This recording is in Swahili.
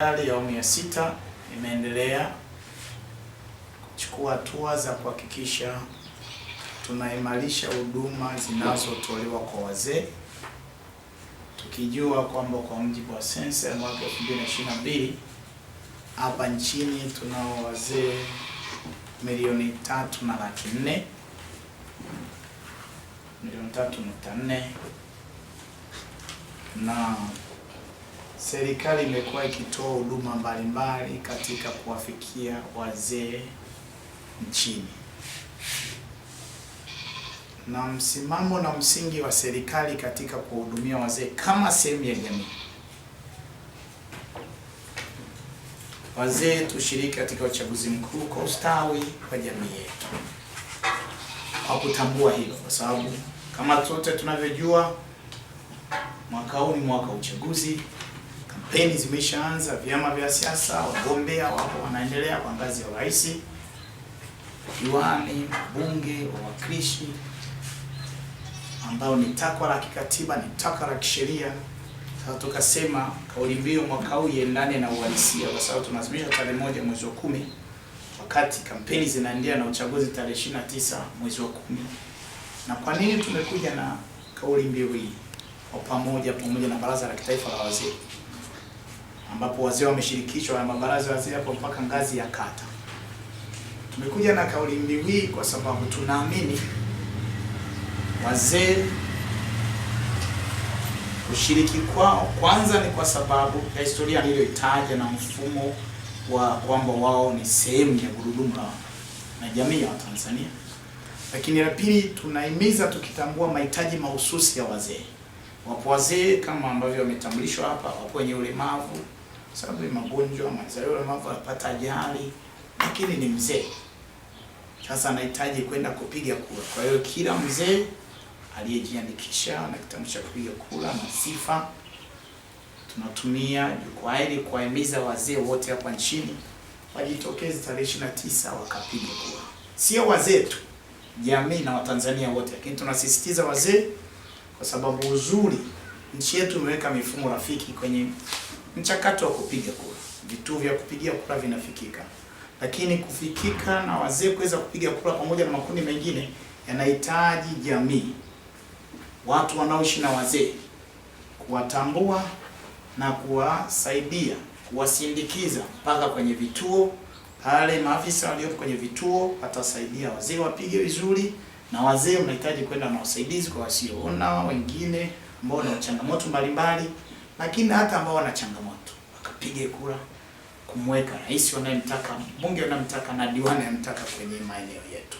Serikali ya awamu ya sita imeendelea kuchukua hatua za kuhakikisha tunaimarisha huduma zinazotolewa kwa wazee, tukijua kwamba kwa mujibu wa sensa ya mwaka mbili hapa nchini tunao wazee milioni tatu na laki nne, milioni tatu nukta nne na Serikali imekuwa ikitoa huduma mbalimbali katika kuwafikia wazee nchini, na msimamo na msingi wa serikali katika kuwahudumia wazee kama sehemu ya jamii. Wazee tushiriki katika uchaguzi mkuu kwa ustawi wa jamii yetu, kwa kutambua hilo, kwa sababu kama sote tunavyojua, mwaka huu ni mwaka uchaguzi. Kampeni zimeshaanza, vyama vya siasa, wagombea wapo wanaendelea kwa ngazi ya rais, diwani, bunge, wawakilishi, ambao ni takwa la kikatiba, ni takwa la kisheria. Sasa tukasema kauli mbiu mwaka huu iendane na uhalisia, kwa sababu tunazimisha tarehe moja mwezi wa kumi wakati kampeni zinaendelea na uchaguzi tarehe tisa mwezi wa kumi. Na kwa nini tumekuja na kauli mbiu hii kwa pamoja, pamoja na Baraza la Kitaifa la Wazee? ambapo wazee wameshirikishwa na mabaraza wazee hapo mpaka ngazi ya kata. Tumekuja na kauli mbiu hii kwa sababu tunaamini wazee ushiriki kwao kwanza ni kwa sababu ya historia niliyoitaja na mfumo wa kwamba wao ni sehemu ya gurudumu la na jamii ya Watanzania, lakini la pili, tunahimiza tukitambua mahitaji mahususi ya wazee. Wapo wazee kama ambavyo wametambulishwa hapa, wapo wenye ulemavu sababu ya magonjwa, mazalio, ulemavu, anapata ajali, lakini ni mzee. Sasa anahitaji kwenda kupiga kura. Kwa hiyo kila mzee aliyejiandikisha na kitambu cha kupiga kura na sifa, tunatumia jukwaa hili kuwahimiza wazee wote hapa nchini wajitokeze tarehe 29 wakapiga kura, sio wazee tu, jamii na Watanzania wote, lakini tunasisitiza wazee kwa sababu uzuri nchi yetu imeweka mifumo rafiki kwenye mchakato wa kupiga kura, vituo vya kupigia kura vinafikika, lakini kufikika na wazee kuweza kupiga kura pamoja na makundi mengine yanahitaji jamii, watu wanaoishi na wazee kuwatambua na kuwasaidia, kuwasindikiza mpaka kwenye vituo pale. Maafisa waliopo kwenye vituo watasaidia wazee wapige vizuri, na wazee mnahitaji kwenda na wasaidizi kwa wasioona, wengine ambao na changamoto mbalimbali lakini hata ambao wana changamoto wakapige kura kumweka rais wanayemtaka, mbunge wanayemtaka na diwani anamtaka kwenye maeneo yetu.